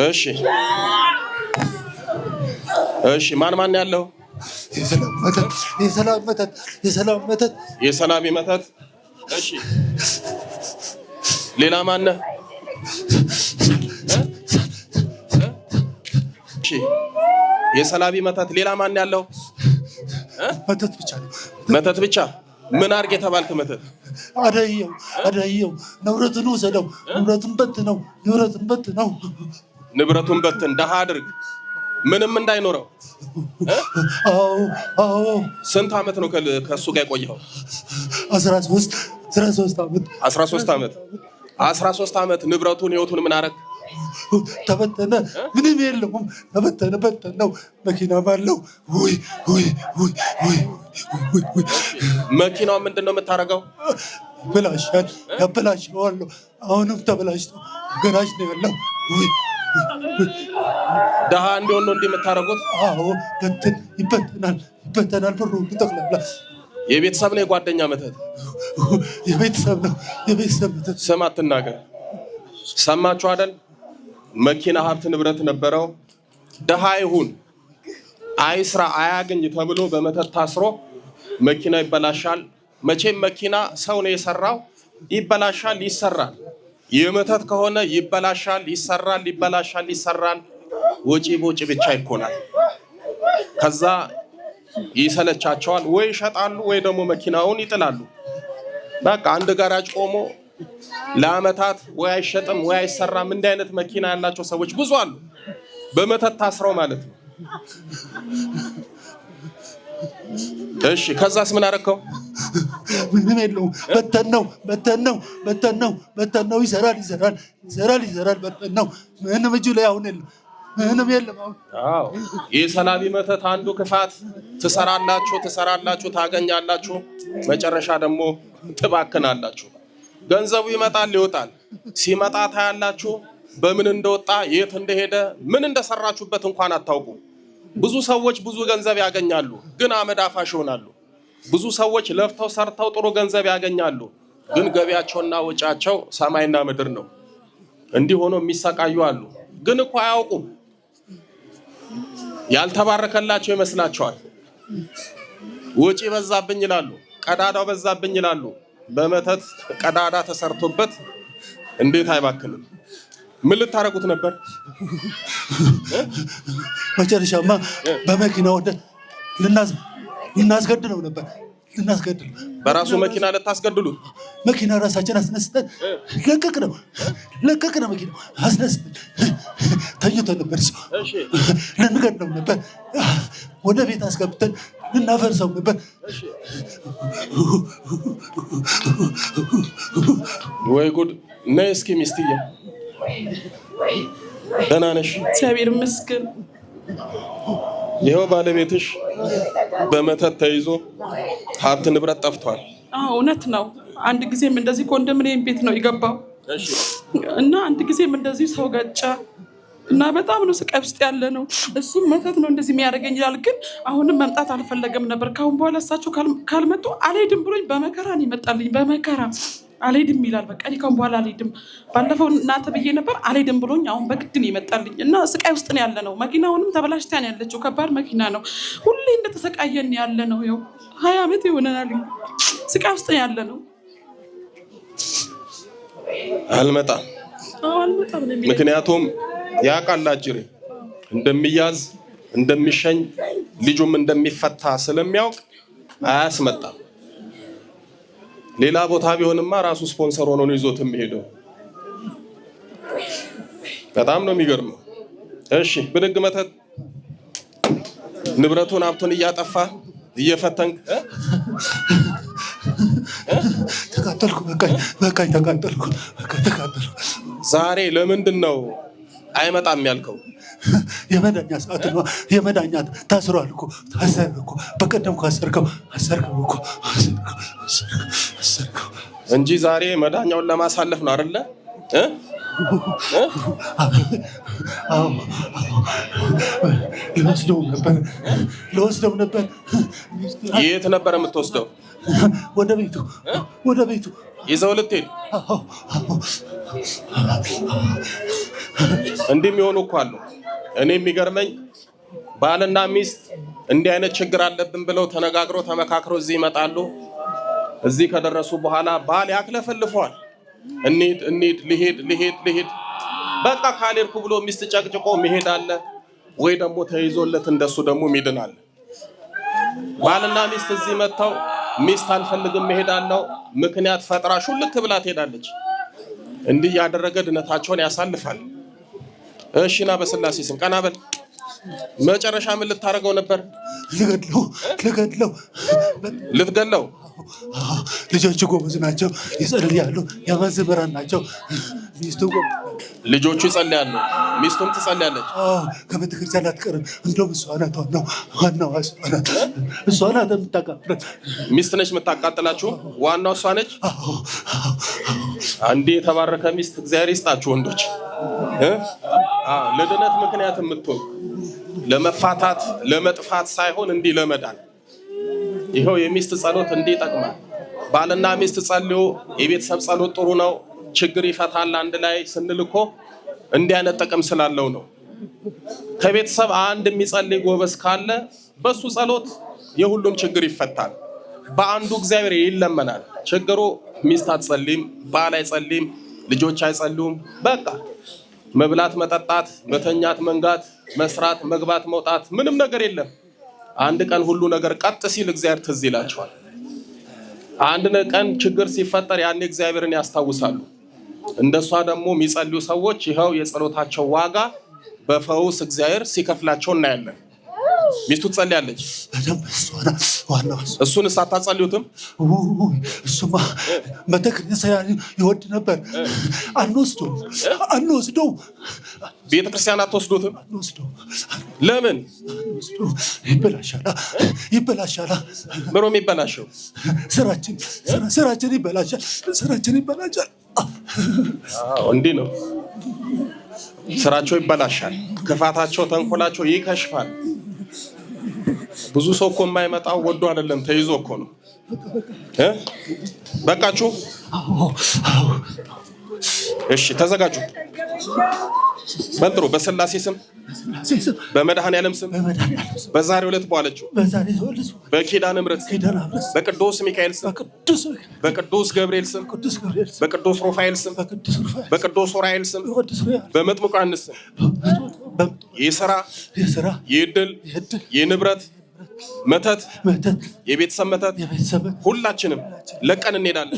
እሺ እሺ፣ ማን ማን ያለው? የሰላም መተት፣ የሰላም መተት፣ የሰላም መተት፣ የሰላም መተት። እሺ፣ ሌላ ማን? እሺ፣ የሰላም መተት። ሌላ ማን ያለው? መተት ብቻ ነው፣ መተት ብቻ። ምን አድርግ የተባልክ መተት? አደየው፣ አደየው፣ ንብረቱን ውሰደው፣ ንብረቱን በት ነው፣ ንብረቱን በት ነው ንብረቱን በትን ደሃ አድርግ፣ ምንም እንዳይኖረው። ስንት ዓመት ነው ከእሱ ጋር የቆየኸው? አስራ ሶስት ዓመት አስራ ሦስት ዓመት ንብረቱን ህይወቱን ምን አረግ? ተበተነ። ምንም የለውም። ተበተነ። በተነው። መኪና አለው። ውይ ውይ ውይ ውይ መኪናው ምንድን ነው የምታደርገው? ብላሻል። ያበላሸዋለሁ። አሁንም ተበላሽቶ ገራጅ ነው ያለው። ደሃ እንዲሆን ነው እንዲህ የምታደርጉት? አዎ ገንዘብ ይበተናል፣ ይበተናል ብሩ ጠቅላላ። የቤተሰብ ነው የጓደኛ መተት የቤተሰብ ነው የቤተሰብ መተት። ስም አትናገር። ሰማችሁ አይደል? መኪና ሀብት ንብረት ነበረው። ደሃ ይሁን አይስራ አያገኝ ተብሎ በመተት ታስሮ መኪና ይበላሻል። መቼም መኪና ሰው ነው የሰራው፣ ይበላሻል፣ ይሰራል። የመተት ከሆነ ይበላሻል፣ ይሰራል፣ ይበላሻል፣ ይሰራል። ወጪ በወጪ ብቻ ይኮናል። ከዛ ይሰለቻቸዋል፣ ወይ ይሸጣሉ፣ ወይ ደግሞ መኪናውን ይጥላሉ። በቃ አንድ ጋራጅ ቆሞ ለአመታት ወይ አይሸጥም ወይ አይሰራም። እንዲህ አይነት መኪና ያላቸው ሰዎች ብዙ አሉ፣ በመተት ታስረው ማለት ነው። እሺ ከዛስ ምን አደረከው? ምንም የለውም። በተን ነው በተን ነው በተን ነው በተን ነው። ይሰራል ይሰራል ይሰራል ይሰራል። በተን ነው። ምንም እጁ ላይ አሁን የለም ምንም የለም። አሁን ይህ ሰላቢ መተት አንዱ ክፋት፣ ትሰራላችሁ ትሰራላችሁ፣ ታገኛላችሁ፣ መጨረሻ ደግሞ ትባክናላችሁ። ገንዘቡ ይመጣል ይወጣል። ሲመጣ ታያላችሁ፣ በምን እንደወጣ የት እንደሄደ ምን እንደሰራችሁበት እንኳን አታውቁም። ብዙ ሰዎች ብዙ ገንዘብ ያገኛሉ፣ ግን አመዳፋሽ ይሆናሉ። ብዙ ሰዎች ለፍተው ሰርተው ጥሩ ገንዘብ ያገኛሉ፣ ግን ገቢያቸውና ወጫቸው ሰማይና ምድር ነው። እንዲህ ሆኖ የሚሰቃዩ አሉ፣ ግን እኮ አያውቁም። ያልተባረከላቸው ይመስላቸዋል። ወጪ በዛብኝ ይላሉ፣ ቀዳዳው በዛብኝ ይላሉ። በመተት ቀዳዳ ተሰርቶበት እንዴት አይባክንም? ምን ልታረጉት ነበር? መጨረሻማ በመኪና ወደ ልናዝ እናስገድለው ነበር ልናስገድል በራሱ መኪና ልታስገድሉ መኪና ራሳችን አስነስተን ለቀቅ ነው ለቀቅ ነው መኪና አስነስተን ተኝቶ ነበር ሰው ልንገድለው ነበር። ወደ ቤት አስገብተን ልናፈርሰው ነበር። ወይ ጉድ! ነይ እስኪ ሚስትዬ፣ ደህና ነሽ? እግዚአብሔር ይመስገን። ይኸው ባለቤትሽ በመተት ተይዞ ሀብት ንብረት ጠፍቷል። አዎ እውነት ነው። አንድ ጊዜም እንደዚህ ኮንዶሚኒየም ቤት ነው የገባው እና አንድ ጊዜም እንደዚህ ሰው ገጨ እና በጣም ነው ስቃይ ውስጥ ያለ ነው። እሱም መተት ነው እንደዚህ የሚያደርገኝ ይላል። ግን አሁንም መምጣት አልፈለገም ነበር። ካሁን በኋላ እሳቸው ካልመጡ አልሄድም ብሎኝ በመከራ ነው ይመጣልኝ በመከራ አልሄድም ይላል። በቃ ከአሁን በኋላ አልሄድም። ባለፈው እናተ ብዬ ነበር አልሄድም ብሎኝ አሁን በግድን ይመጣልኝ እና ስቃይ ውስጥ ነው ያለ ነው። መኪናውንም ተበላሽታን ያለችው ከባድ መኪና ነው። ሁሌ እንደተሰቃየን ያለ ነው። ያው ሀያ ዓመት ይሆነናል። ስቃይ ውስጥ ነው ያለ ነው። አልመጣም ምክንያቱም ያውቃል እንደሚያዝ እንደሚሸኝ ልጁም እንደሚፈታ ስለሚያውቅ አያስመጣም። ሌላ ቦታ ቢሆንማ ራሱ ስፖንሰር ሆኖ ነው ይዞት የሚሄደው። በጣም ነው የሚገርመው። እሺ ብድግ መተት ንብረቱን ሀብቱን እያጠፋ እየፈተንክ ተቃጠልኩ፣ በቃኝ፣ በቃኝ፣ ተቃጠልኩ፣ ተቃጠልኩ። ዛሬ ለምንድን ነው አይመጣም ያልከው? የመዳኛ ሰዓት ነው። የመዳኛ ታስሯል እኮ ታሰር እኮ በቀደም እኮ አሰርከው አሰርከው እኮ አሰርከው እንጂ ዛሬ መዳኛውን ለማሳለፍ ነው አይደለ? ልወስደው ነበር ልወስደው ነበር። የት ነበር የምትወስደው? ወደ ቤቱ ወደ ቤቱ ይዘው ልትሄድ እንዲህ የሚሆኑ እኮ አሉ። እኔ የሚገርመኝ ባልና ሚስት እንዲህ አይነት ችግር አለብን ብለው ተነጋግሮ ተመካክሮ እዚህ ይመጣሉ። እዚህ ከደረሱ በኋላ ባል ያክለፈልፈዋል። እንሂድ እንሂድ፣ ልሂድ ልሂድ ልሂድ፣ በቃ ካልሄድኩ ብሎ ሚስት ጨቅጭቆ መሄድ አለ ወይ ደግሞ ተይዞለት እንደሱ ደግሞ ሚድን አለ። ባልና ሚስት እዚህ መጥተው ሚስት አልፈልግም መሄዳለው ምክንያት ፈጥራ ሹልክ ብላ ትሄዳለች። እንዲህ ያደረገ ድነታቸውን ያሳልፋል። እሺና በስላሴ ስም ቀና በል። መጨረሻ ምን ልታደርገው ነበር? ልገድለው ልገድለው ልትገድለው። ልጆቹ ጎበዝ ናቸው፣ ይጸልያሉ፣ የመዝምራን ናቸው። ሚስቱ ልጆቹ ይጸልያሉ፣ ሚስቱም ትጸልያለች። ከቤተ ክርስቲያን አትቀርም። እንደውም እሷ ናት ዋናው፣ ዋናው እሷ ናት የምታቃጥላት። ሚስት ነች የምታቃጥላችሁ፣ ዋናው እሷ ነች። አንዴ የተባረከ ሚስት እግዚአብሔር ይስጣችሁ ወንዶች። ለድነት ምክንያት የምትሆን ለመፋታት ለመጥፋት ሳይሆን እንዲህ ለመዳን ይኸው የሚስት ጸሎት እንዲህ ይጠቅማል። ባልና ሚስት ጸልዮ የቤተሰብ ጸሎት ጥሩ ነው፣ ችግር ይፈታል። አንድ ላይ ስንልኮ እንዲህ አይነት ጥቅም ስላለው ነው። ከቤተሰብ አንድ የሚጸልይ ጎበዝ ካለ በሱ ጸሎት የሁሉም ችግር ይፈታል። በአንዱ እግዚአብሔር ይለመናል ችግሩ ሚስት አትጸልይም፣ ባል አይጸልይም፣ ልጆች አይጸልዩም። በቃ መብላት፣ መጠጣት፣ መተኛት፣ መንጋት፣ መስራት፣ መግባት፣ መውጣት ምንም ነገር የለም። አንድ ቀን ሁሉ ነገር ቀጥ ሲል እግዚአብሔር ትዝ ይላቸዋል። አንድ ቀን ችግር ሲፈጠር ያኔ እግዚአብሔርን ያስታውሳሉ። እንደሷ ደግሞ የሚጸልዩ ሰዎች ይኸው የጸሎታቸው ዋጋ በፈውስ እግዚአብሔር ሲከፍላቸው እናያለን። ሚስቱ ትጸልያለች። እሱን ሳታጸልዩትም እሱማ ቤተክርስቲያን ይወድ ነበር። አንወስዶም አንወስዶው ቤተክርስቲያን አትወስዱትም። ለምን ይበላሻላ? ይበላሻላ። ምሮ የሚበላሸው ስራችን ስራችን ይበላሻል። ስራችን ይበላሻል። እንዲህ ነው ስራቸው ይበላሻል። ክፋታቸው፣ ተንኮላቸው ይከሽፋል። ብዙ ሰው እኮ የማይመጣው ወዶ አይደለም ተይዞ እኮ ነው። በቃችሁ? እሺ ተዘጋጁ። በንጥሩ በስላሴ ስም በመድኃኔዓለም ስም በዛሬ ዕለት በዋለችው በኪዳነ ምሕረት በቅዱስ ሚካኤል ስም በቅዱስ ገብርኤል ስም በቅዱስ ሩፋኤል ስም በቅዱስ ኡራኤል ስም በመጥምቁ ዮሐንስ ስም የስራ የድል የንብረት መተት መተት የቤተሰብ መተት ሁላችንም ለቀን እንሄዳለን።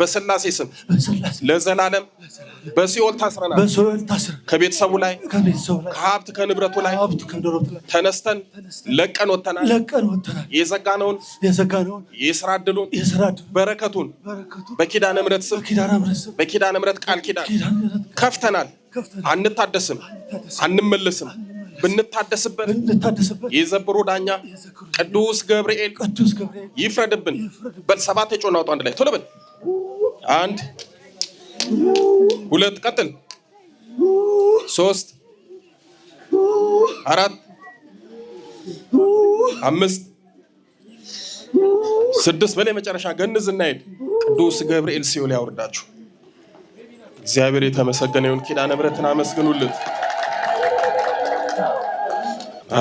በስላሴ ስም ለዘላለም በሲኦል ታስረናል። ከቤተሰቡ ላይ ከሀብት ከንብረቱ ላይ ተነስተን ለቀን ወተናል። የዘጋነውን የስራ እድሉን በረከቱን በኪዳነ ምሕረት ስም በኪዳነ ምሕረት ቃል ኪዳን ከፍተናል። አንታደስም፣ አንመለስም። ብንታደስበት የዘብሩ ዳኛ ቅዱስ ገብርኤል ይፍረድብን። በል ሰባት የጮህ እናውጡ አንድ ላይ ቶሎ በል። አንድ ሁለት፣ ቀጥል። ሶስት፣ አራት፣ አምስት፣ ስድስት። በላይ መጨረሻ ገንዝ እናሄድ። ቅዱስ ገብርኤል ሲኦል ያውርዳችሁ። እግዚአብሔር የተመሰገነ ይሁን። ኪዳነ ምሕረትን አመስግኑለት።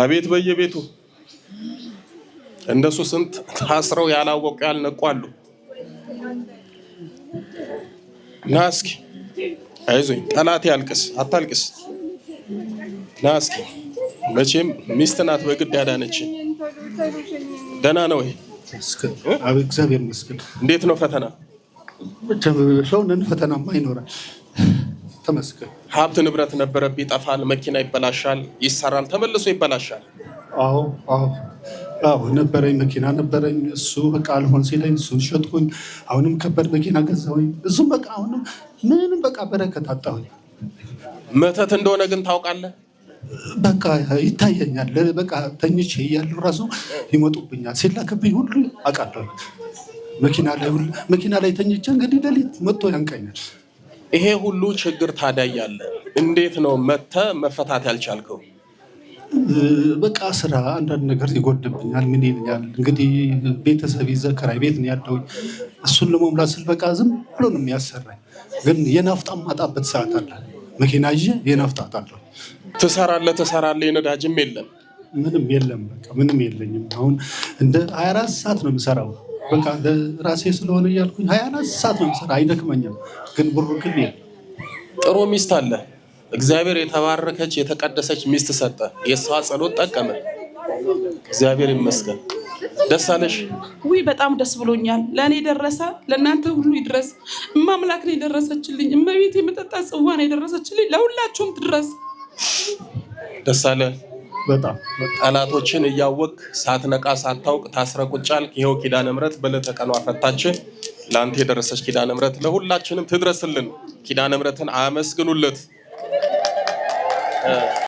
አቤት በየቤቱ እንደሱ ስንት ታስረው ያላወቁ ያልነቁ አሉ። ና እስኪ አይዞኝ፣ ጠላት ያልቅስ፣ አታልቅስ። ና እስኪ መቼም ሚስት ናት በግድ ያዳነች። ደህና ነው ወይ? እግዚአብሔር ይመስገን። እንዴት ነው ፈተና? ሰው ነን፣ ፈተናማ ይኖራል። ተመስገን ሀብት ንብረት ነበረብህ፣ ይጠፋል፣ መኪና ይበላሻል፣ ይሰራል፣ ተመልሶ ይበላሻል። አዎ አዎ አዎ ነበረኝ፣ መኪና ነበረኝ። እሱ በቃ አልሆን ሲለኝ እሱን ሸጥኩኝ። አሁንም ከባድ መኪና ገዛሁኝ። እሱም በቃ አሁንም ምንም በቃ በረከት አጣሁኝ። መተት እንደሆነ ግን ታውቃለህ። በቃ ይታየኛል። በቃ ተኝቼ እያሉ ራሱ ይመጡብኛል። ሲላክብኝ ሁሉ አውቃለሁ። መኪና ላይ መኪና ላይ ተኝቼ እንግዲህ ሌሊት መጥቶ ያንቀኛል። ይሄ ሁሉ ችግር ታዳያለ እንዴት ነው መተ መፈታት ያልቻልከው? በቃ ስራ አንዳንድ ነገር ይጎድብኛል። ምን ይልኛል እንግዲህ ቤተሰብ ይዘህ ከራይ ቤት ነው እሱን ለመሙላት ስል በቃ ዝም ብሎ ነው የሚያሰራኝ። ግን የናፍጣ ማጣበት ሰዓት አለ። መኪና ይዤ የናፍጣ አጣለሁ። ትሰራለህ ትሰራለህ፣ የነዳጅም የለም ምንም የለም። በቃ ምንም የለኝም። አሁን እንደ 24 ሰዓት ነው የምሰራው በቃ ለራሴ ስለሆነ እያልኩኝ ሀያ አራት ሰዓት ነው የምሰራ፣ አይደክመኝም። ግን ብሩ ግን ጥሩ ሚስት አለ። እግዚአብሔር የተባረከች የተቀደሰች ሚስት ሰጠ። የእሷ ጸሎት ጠቀመ። እግዚአብሔር ይመስገን። ደስ አለሽ? ውይ በጣም ደስ ብሎኛል። ለእኔ ደረሰ፣ ለእናንተ ሁሉ ይድረስ። እማምላክ ነው የደረሰችልኝ። እመቤት የመጠጣት ጽዋ ነው የደረሰችልኝ። ለሁላችሁም ትድረስ። ደስ አለ። በጣም ጠላቶችን እያወቅህ ሳትነቃ ሳታውቅ ታስረ ቁጫል። ይኸው ኪዳነ ምሕረት በዕለተ ቀኗ ፈታችን። ለአንተ የደረሰች ኪዳነ ምሕረት ለሁላችንም ትድረስልን። ኪዳነ ምሕረትን አመስግኑለት።